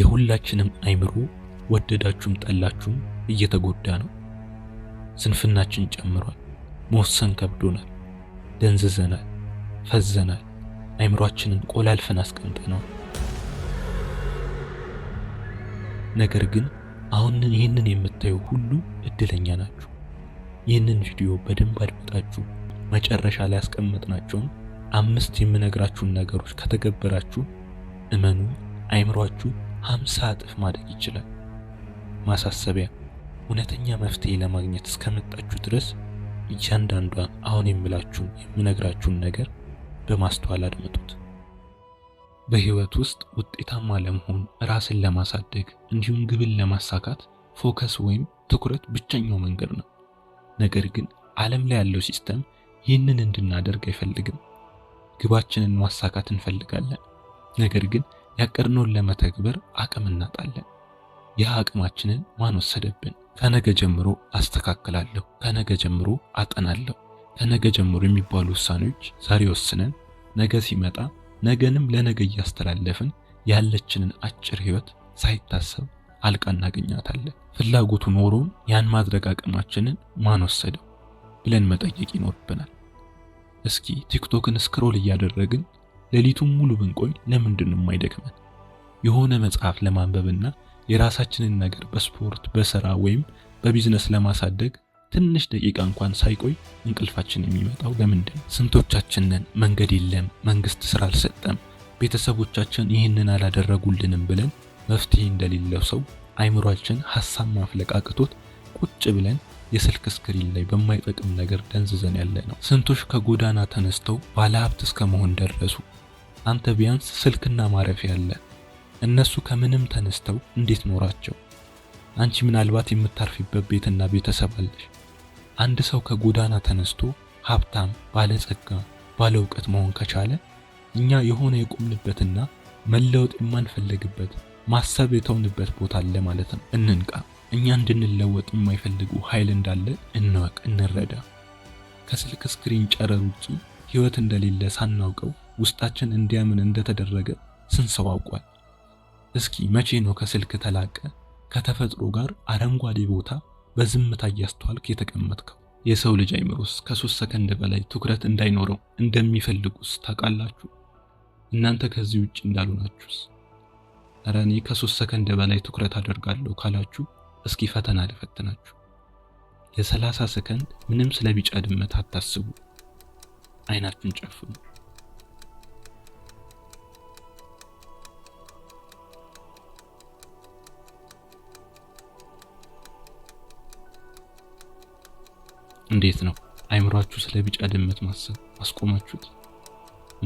የሁላችንም አይምሮ ወደዳችሁም ጠላችሁም እየተጎዳ ነው። ስንፍናችን ጨምሯል። መወሰን ከብዶናል። ደንዝዘናል፣ ፈዘናል። አይምሯችንን ቆላልፈን ነው። ነገር ግን አሁን ይህንን የምታዩ ሁሉ እድለኛ ናችሁ። ይህንን ቪዲዮ በደንብ አድምጣችሁ መጨረሻ ላይ ያስቀመጥናቸውን አምስት የምነግራችሁን ነገሮች ከተገበራችሁ እመኑ አይምሯችሁ ሀምሳ እጥፍ ማደግ ይችላል። ማሳሰቢያ፣ እውነተኛ መፍትሄ ለማግኘት እስከመጣችሁ ድረስ እያንዳንዷን አሁን የምላችሁን የምነግራችሁን ነገር በማስተዋል አድምጡት። በህይወት ውስጥ ውጤታማ ለመሆን ራስን ለማሳደግ እንዲሁም ግብን ለማሳካት ፎከስ ወይም ትኩረት ብቸኛው መንገድ ነው። ነገር ግን ዓለም ላይ ያለው ሲስተም ይህንን እንድናደርግ አይፈልግም። ግባችንን ማሳካት እንፈልጋለን፣ ነገር ግን ያቀድነውን ለመተግበር አቅም እናጣለን። ያ አቅማችንን ማን ወሰደብን? ከነገ ጀምሮ አስተካክላለሁ፣ ከነገ ጀምሮ አጠናለሁ፣ ከነገ ጀምሮ የሚባሉ ውሳኔዎች ዛሬ ወስነን ነገ ሲመጣ ነገንም ለነገ እያስተላለፍን ያለችንን አጭር ህይወት ሳይታሰብ አልቃ እናገኛታለን። ፍላጎቱ ኖሮን ያን ማድረግ አቅማችንን ማን ወሰደው ብለን መጠየቅ ይኖርብናል። እስኪ ቲክቶክን ስክሮል እያደረግን ሌሊቱን ሙሉ ብንቆይ ለምንድን ነው የማይደክመን? የሆነ መጽሐፍ ለማንበብና የራሳችንን ነገር በስፖርት በስራ ወይም በቢዝነስ ለማሳደግ ትንሽ ደቂቃ እንኳን ሳይቆይ እንቅልፋችን የሚመጣው ለምንድን? ስንቶቻችንን መንገድ የለም፣ መንግስት ስራ አልሰጠም፣ ቤተሰቦቻችን ይህንን አላደረጉልንም ብለን መፍትሄ እንደሌለው ሰው አይምሯችን ሀሳብ ማፍለቅ አቅቶት ቁጭ ብለን የስልክ ስክሪን ላይ በማይጠቅም ነገር ደንዝዘን ያለ ነው። ስንቶች ከጎዳና ተነስተው ባለሀብት እስከ መሆን ደረሱ። አንተ ቢያንስ ስልክና ማረፊያ አለ። እነሱ ከምንም ተነስተው እንዴት ኖራቸው? አንቺ ምናልባት የምታርፊበት ቤትና ቤተሰብ አለሽ። አንድ ሰው ከጎዳና ተነስቶ ሀብታም፣ ባለጸጋ፣ ባለ እውቀት መሆን ከቻለ እኛ የሆነ የቆምንበትና መለወጥ የማንፈልግበት ማሰብ የተውንበት ቦታ አለ ማለት ነው። እንንቃ። እኛ እንድንለወጥ የማይፈልጉ ኃይል እንዳለ እንወቅ፣ እንረዳ። ከስልክ ስክሪን ጨረር ውጪ ህይወት እንደሌለ ሳናውቀው ውስጣችን እንዲያምን እንደተደረገ ስንት አውቋል? እስኪ መቼ ነው ከስልክ ተላቀ ከተፈጥሮ ጋር አረንጓዴ ቦታ በዝምታ እያስተዋልክ የተቀመጥከው? የሰው ልጅ አይምሮስ ከሶስት ሰከንድ በላይ ትኩረት እንዳይኖረው እንደሚፈልጉስ ታውቃላችሁ? እናንተ ከዚህ ውጭ እንዳልሆናችሁስ? እረ እኔ ከሶስት ሰከንድ በላይ ትኩረት አደርጋለሁ ካላችሁ እስኪ ፈተና ልፈትናችሁ። ለ30 ሰከንድ ምንም ስለ ቢጫ ድመት አታስቡ። አይናችሁን ጨፍኑ። እንዴት ነው አይምሯችሁ ስለ ቢጫ ድመት ማሰብ አስቆማችሁት?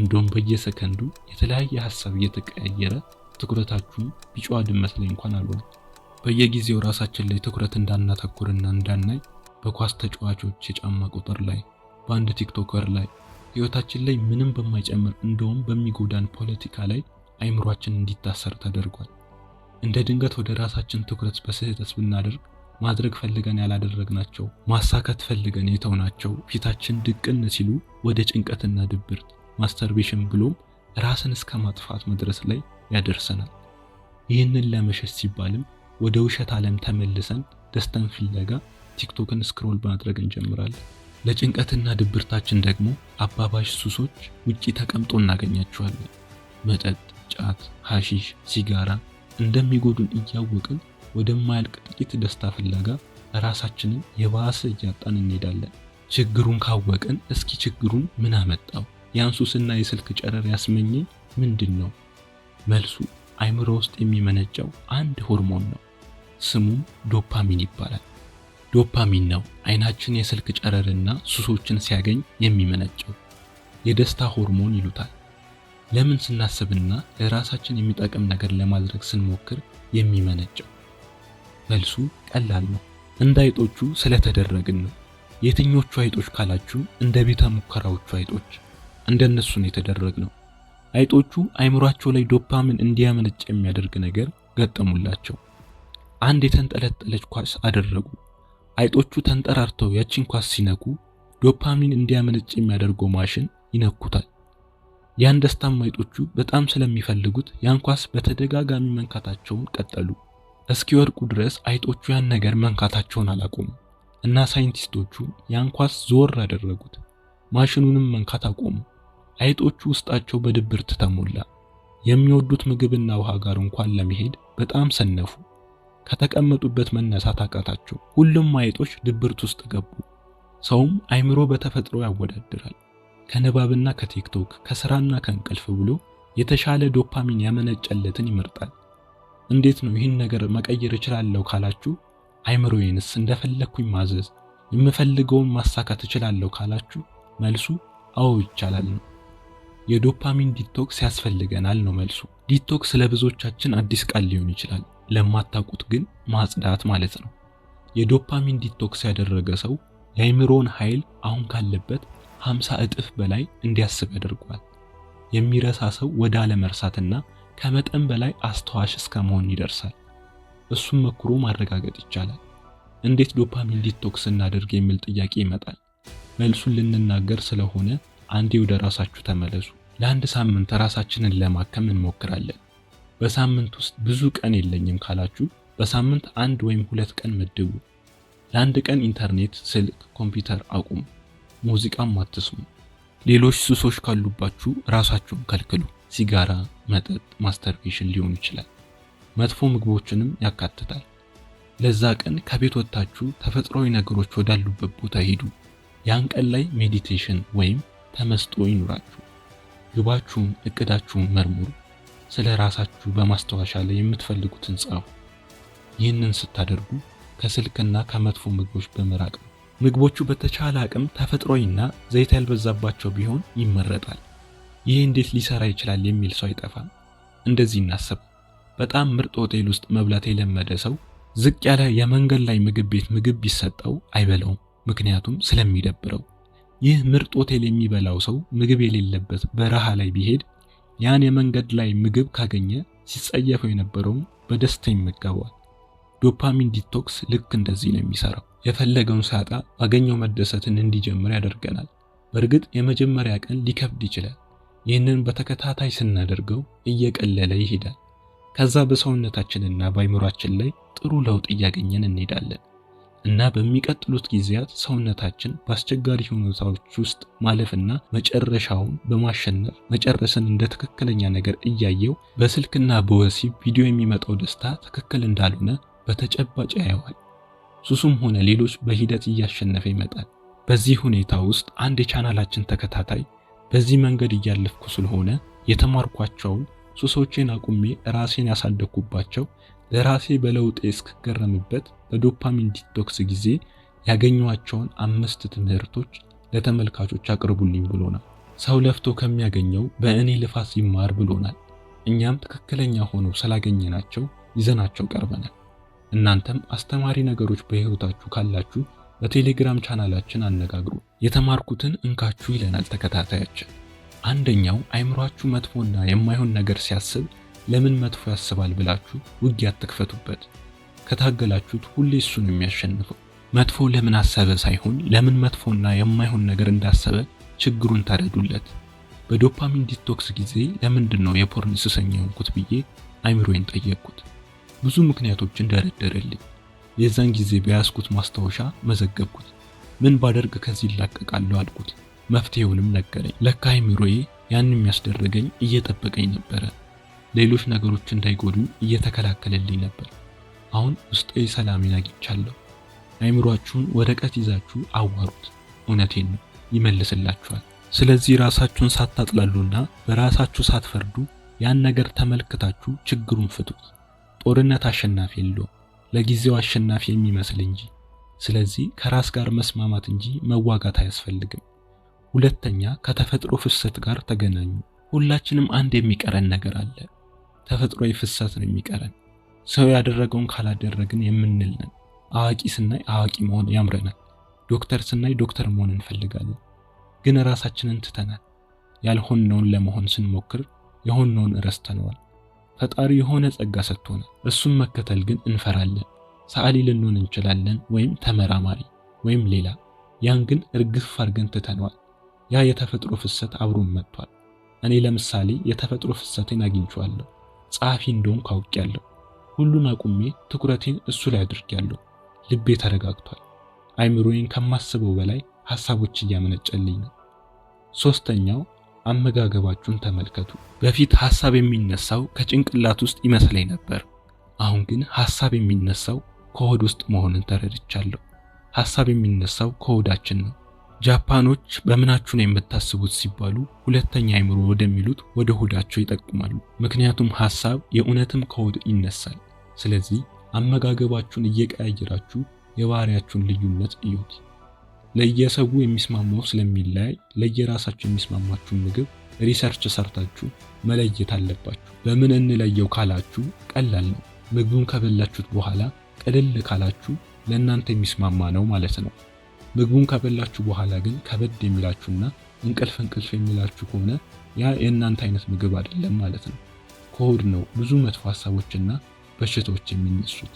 እንደውም በየሰከንዱ የተለያየ ሀሳብ እየተቀያየረ ትኩረታችሁን ቢጫዋ ድመት ላይ እንኳን አልሆነ። በየጊዜው ራሳችን ላይ ትኩረት እንዳናተኩርና እንዳናይ በኳስ ተጫዋቾች የጫማ ቁጥር ላይ፣ በአንድ ቲክቶከር ላይ፣ ህይወታችን ላይ ምንም በማይጨምር እንደውም በሚጎዳን ፖለቲካ ላይ አይምሯችን እንዲታሰር ተደርጓል። እንደ ድንገት ወደ ራሳችን ትኩረት በስህተት ብናደርግ ማድረግ ፈልገን ያላደረግናቸው፣ ማሳካት ፈልገን የተውናቸው ፊታችን ድቅን ሲሉ ወደ ጭንቀትና ድብርት፣ ማስተርቤሽን ብሎም ራስን እስከ ማጥፋት መድረስ ላይ ያደርሰናል። ይህንን ለመሸሽ ሲባልም ወደ ውሸት ዓለም ተመልሰን ደስታን ፍለጋ ቲክቶክን ስክሮል ማድረግ እንጀምራለን። ለጭንቀትና ድብርታችን ደግሞ አባባሽ ሱሶች ውጪ ተቀምጦ እናገኛቸዋለን። መጠጥ፣ ጫት፣ ሐሺሽ፣ ሲጋራ እንደሚጎዱን እያወቅን ወደማያልቅ ጥቂት ደስታ ፍለጋ ራሳችንን የባሰ እያጣን እንሄዳለን። ችግሩን ካወቅን እስኪ ችግሩን ምን አመጣው? የአንሱስና የስልክ ጨረር ያስመኘኝ ምንድን ነው? መልሱ አይምሮ ውስጥ የሚመነጨው አንድ ሆርሞን ነው። ስሙም ዶፓሚን ይባላል። ዶፓሚን ነው አይናችን የስልክ ጨረርና ሱሶችን ሲያገኝ የሚመነጨው። የደስታ ሆርሞን ይሉታል። ለምን ስናስብና ለራሳችን የሚጠቅም ነገር ለማድረግ ስንሞክር የሚመነጨው መልሱ ቀላል ነው። እንደ አይጦቹ ስለተደረግን ነው። የትኞቹ አይጦች ካላችሁ እንደ ቤተ ሙከራዎቹ አይጦች እንደነሱ ነው የተደረግነው። አይጦቹ አይምሯቸው ላይ ዶፓሚን እንዲያመነጭ የሚያደርግ ነገር ገጠሙላቸው። አንድ የተንጠለጠለች ኳስ አደረጉ። አይጦቹ ተንጠራርተው ያቺን ኳስ ሲነኩ ዶፓሚን እንዲያመነጭ የሚያደርገው ማሽን ይነኩታል። ያን ደስታም አይጦቹ በጣም ስለሚፈልጉት ያን ኳስ በተደጋጋሚ መንካታቸውን ቀጠሉ። እስኪወድቁ ድረስ አይጦቹ ያን ነገር መንካታቸውን አላቆሙ እና ሳይንቲስቶቹ ያን ኳስ ዞር አደረጉት። ማሽኑንም መንካት አቆሙ። አይጦቹ ውስጣቸው በድብርት ተሞላ። የሚወዱት ምግብና ውሃ ጋር እንኳን ለመሄድ በጣም ሰነፉ። ከተቀመጡበት መነሳት አቃታቸው። ሁሉም አይጦች ድብርት ውስጥ ገቡ። ሰውም አይምሮ በተፈጥሮ ያወዳድራል። ከንባብና ከቲክቶክ ከስራና ከእንቅልፍ ብሎ የተሻለ ዶፓሚን ያመነጨለትን ይመርጣል። እንዴት ነው ይህን ነገር መቀየር እችላለሁ ካላችሁ፣ አይምሮዬንስ እንደፈለግኩኝ ማዘዝ የምፈልገውን ማሳካት እችላለሁ ካላችሁ፣ መልሱ አዎ ይቻላል ነው። የዶፓሚን ዲቶክስ ያስፈልገናል ነው መልሱ። ዲቶክስ ለብዙዎቻችን አዲስ ቃል ሊሆን ይችላል፣ ለማታውቁት ግን ማጽዳት ማለት ነው። የዶፓሚን ዲቶክስ ያደረገ ሰው የአይምሮን ኃይል አሁን ካለበት 50 እጥፍ በላይ እንዲያስብ ያደርገዋል። የሚረሳ ሰው ወደ አለመርሳትና ከመጠን በላይ አስተዋሽ እስከ መሆን ይደርሳል። እሱም መክሮ ማረጋገጥ ይቻላል። እንዴት ዶፓሚን ዲቶክስ እናደርግ የሚል ጥያቄ ይመጣል። መልሱን ልንናገር ስለሆነ አንዴ ወደ ራሳችሁ ተመለሱ። ለአንድ ሳምንት ራሳችንን ለማከም እንሞክራለን። በሳምንት ውስጥ ብዙ ቀን የለኝም ካላችሁ በሳምንት አንድ ወይም ሁለት ቀን መድቡ። ለአንድ ቀን ኢንተርኔት፣ ስልክ፣ ኮምፒውተር አቁሙ። ሙዚቃም አትስሙ። ሌሎች ሱሶች ካሉባችሁ ራሳችሁን ከልክሉ። ሲጋራ፣ መጠጥ፣ ማስተርቤሽን ሊሆን ይችላል። መጥፎ ምግቦችንም ያካትታል። ለዛ ቀን ከቤት ወጥታችሁ ተፈጥሯዊ ነገሮች ወዳሉበት ቦታ ሂዱ። ያን ቀን ላይ ሜዲቴሽን ወይም ተመስጦ ይኑራችሁ። ግባችሁም እቅዳችሁን መርምሩ። ስለ ራሳችሁ በማስታወሻ ላይ የምትፈልጉትን ጻፉ። ይህንን ስታደርጉ ከስልክና ከመጥፎ ምግቦች በመራቅ ነው። ምግቦቹ በተቻለ አቅም ተፈጥሯዊና ዘይት ያልበዛባቸው ቢሆን ይመረጣል። ይህ እንዴት ሊሰራ ይችላል የሚል ሰው አይጠፋም። እንደዚህ እናስብ። በጣም ምርጥ ሆቴል ውስጥ መብላት የለመደ ሰው ዝቅ ያለ የመንገድ ላይ ምግብ ቤት ምግብ ቢሰጠው አይበላውም፣ ምክንያቱም ስለሚደብረው። ይህ ምርጥ ሆቴል የሚበላው ሰው ምግብ የሌለበት በረሃ ላይ ቢሄድ ያን የመንገድ ላይ ምግብ ካገኘ ሲጸየፈው የነበረውም በደስታ ይመገበዋል። ዶፓሚን ዲቶክስ ልክ እንደዚህ ነው የሚሰራው። የፈለገውን ሳጣ ባገኘው መደሰትን እንዲጀምር ያደርገናል። በእርግጥ የመጀመሪያ ቀን ሊከብድ ይችላል። ይህንን በተከታታይ ስናደርገው እየቀለለ ይሄዳል። ከዛ በሰውነታችንና በአይምሯችን ላይ ጥሩ ለውጥ እያገኘን እንሄዳለን እና በሚቀጥሉት ጊዜያት ሰውነታችን በአስቸጋሪ ሁኔታዎች ውስጥ ማለፍና መጨረሻውን በማሸነፍ መጨረስን እንደ ትክክለኛ ነገር እያየው በስልክና በወሲብ ቪዲዮ የሚመጣው ደስታ ትክክል እንዳልሆነ በተጨባጭ ያየዋል። ሱሱም ሆነ ሌሎች በሂደት እያሸነፈ ይመጣል። በዚህ ሁኔታ ውስጥ አንድ የቻናላችን ተከታታይ በዚህ መንገድ እያለፍኩ ስለሆነ የተማርኳቸውን ሱሶቼን አቁሜ ራሴን ያሳደግኩባቸው ለራሴ በለውጤ እስክገረምበት በዶፓሚን ዲቶክስ ጊዜ ያገኘኋቸውን አምስት ትምህርቶች ለተመልካቾች አቅርቡልኝ ብሎናል። ሰው ለፍቶ ከሚያገኘው በእኔ ልፋት ይማር ብሎናል። እኛም ትክክለኛ ሆነው ስላገኘናቸው ይዘናቸው ቀርበናል። እናንተም አስተማሪ ነገሮች በሕይወታችሁ ካላችሁ በቴሌግራም ቻናላችን አነጋግሩ። የተማርኩትን እንካችሁ ይለናል ተከታታያችን። አንደኛው አይምሯችሁ መጥፎና የማይሆን ነገር ሲያስብ ለምን መጥፎ ያስባል ብላችሁ ውጊያ አትክፈቱበት። ከታገላችሁት ሁሌ እሱ ነው የሚያሸንፈው። መጥፎ ለምን አሰበ ሳይሆን ለምን መጥፎና የማይሆን ነገር እንዳሰበ ችግሩን ታረዱለት። በዶፓሚን ዲቶክስ ጊዜ ለምንድን ነው የፖርን ሱሰኛ የሆንኩት ብዬ አይምሮዬን ጠየቅኩት። ብዙ ምክንያቶችን ደረደረልኝ። የዛን ጊዜ በያዝኩት ማስታወሻ መዘገብኩት። ምን ባደርግ ከዚህ ይላቀቃለሁ አልኩት። መፍትሄውንም ነገረኝ። ለካ አይምሮዬ ያን የሚያስደረገኝ እየጠበቀኝ ነበረ። ሌሎች ነገሮች እንዳይጎዱኝ እየተከላከለልኝ ነበር። አሁን ውስጤ ሰላሜን አግኝቻለሁ። አይምሯችሁን ወረቀት ይዛችሁ አዋሩት። እውነቴን ነው፣ ይመልስላችኋል። ስለዚህ ራሳችሁን ሳታጥላሉና በራሳችሁ ሳትፈርዱ ያን ነገር ተመልክታችሁ ችግሩን ፍቱት። ጦርነት አሸናፊ የለውም። ለጊዜው አሸናፊ የሚመስል እንጂ። ስለዚህ ከራስ ጋር መስማማት እንጂ መዋጋት አያስፈልግም። ሁለተኛ ከተፈጥሮ ፍሰት ጋር ተገናኙ። ሁላችንም አንድ የሚቀረን ነገር አለ። ተፈጥሮ ፍሰት ነው የሚቀረን። ሰው ያደረገውን ካላደረግን የምንል ነን። አዋቂ ስናይ አዋቂ መሆን ያምረናል። ዶክተር ስናይ ዶክተር መሆን እንፈልጋለን። ግን ራሳችንን ትተናል። ያልሆንነውን ለመሆን ስንሞክር የሆንነውን ረስተነዋል። ፈጣሪ የሆነ ጸጋ ሰጥቶናል። እሱን መከተል ግን እንፈራለን። ሰዓሊ ልንሆን እንችላለን፣ ወይም ተመራማሪ ወይም ሌላ። ያን ግን እርግፍ አድርገን ትተነዋል። ያ የተፈጥሮ ፍሰት አብሮን መጥቷል። እኔ ለምሳሌ የተፈጥሮ ፍሰቴን አግኝቼዋለሁ። ጸሐፊ እንደውም ካውቂያለሁ። ሁሉን አቁሜ ትኩረቴን እሱ ላይ አድርጌያለሁ። ልቤ ተረጋግቷል። አይምሮዬን ከማስበው በላይ ሐሳቦች እያመነጨልኝ ነው። ሶስተኛው አመጋገባችሁን ተመልከቱ። በፊት ሐሳብ የሚነሳው ከጭንቅላት ውስጥ ይመስለኝ ነበር። አሁን ግን ሐሳብ የሚነሳው ከሆድ ውስጥ መሆኑን ተረድቻለሁ። ሐሳብ የሚነሳው ከሆዳችን ነው። ጃፓኖች በምናችሁ ነው የምታስቡት ሲባሉ ሁለተኛ አይምሮ ወደሚሉት ወደ ሆዳቸው ይጠቁማሉ። ምክንያቱም ሐሳብ የእውነትም ከሆድ ይነሳል። ስለዚህ አመጋገባችሁን እየቀያየራችሁ የባህሪያችሁን ልዩነት እዩት። ለየሰው የሚስማማው ስለሚለያይ ለየራሳችሁ የሚስማማችሁን ምግብ ሪሰርች ሰርታችሁ መለየት አለባችሁ። በምን እንለየው ካላችሁ ቀላል ነው። ምግቡን ከበላችሁት በኋላ ቅልል ካላችሁ ለእናንተ የሚስማማ ነው ማለት ነው። ምግቡን ከበላችሁ በኋላ ግን ከበድ የሚላችሁና እንቅልፍ እንቅልፍ የሚላችሁ ከሆነ ያ የእናንተ አይነት ምግብ አይደለም ማለት ነው። ከሆድ ነው ብዙ መጥፎ ሀሳቦችና በሽታዎች የሚነሱት።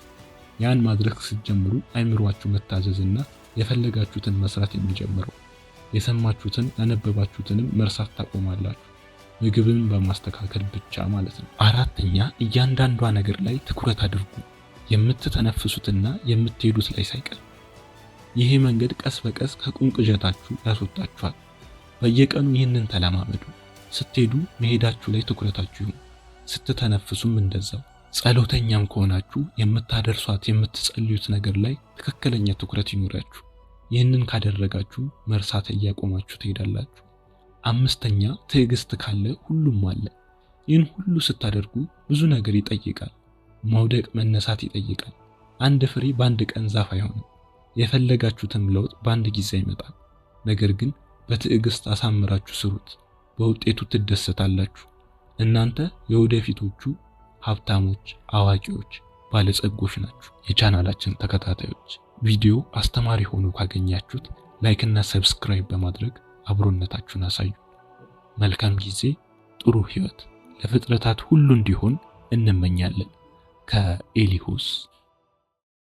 ያን ማድረግ ስትጀምሩ አይምሯችሁ መታዘዝና የፈለጋችሁትን መስራት የሚጀምረው። የሰማችሁትን ያነበባችሁትንም መርሳት ታቆማላችሁ። ምግብን በማስተካከል ብቻ ማለት ነው። አራተኛ እያንዳንዷ ነገር ላይ ትኩረት አድርጉ፣ የምትተነፍሱትና የምትሄዱት ላይ ሳይቀር። ይሄ መንገድ ቀስ በቀስ ከቁንቅጀታችሁ ያስወጣችኋል። በየቀኑ ይህንን ተለማመዱ። ስትሄዱ መሄዳችሁ ላይ ትኩረታችሁ ይሁን፣ ስትተነፍሱም እንደዛው። ጸሎተኛም ከሆናችሁ የምታደርሷት የምትጸልዩት ነገር ላይ ትክክለኛ ትኩረት ይኖራችሁ። ይህንን ካደረጋችሁ መርሳት እያቆማችሁ ትሄዳላችሁ። አምስተኛ ትዕግስት ካለ ሁሉም አለ። ይህን ሁሉ ስታደርጉ ብዙ ነገር ይጠይቃል። መውደቅ መነሳት ይጠይቃል። አንድ ፍሬ በአንድ ቀን ዛፍ አይሆንም። የፈለጋችሁትም ለውጥ በአንድ ጊዜ አይመጣም። ነገር ግን በትዕግስት አሳምራችሁ ስሩት፣ በውጤቱ ትደሰታላችሁ። እናንተ የወደፊቶቹ ሀብታሞች፣ አዋቂዎች፣ ባለጸጎች ናችሁ የቻናላችን ተከታታዮች። ቪዲዮ አስተማሪ ሆኖ ካገኛችሁት ላይክ እና ሰብስክራይብ በማድረግ አብሮነታችሁን አሳዩ። መልካም ጊዜ፣ ጥሩ ህይወት ለፍጥረታት ሁሉ እንዲሆን እንመኛለን። ከኤሊሁስ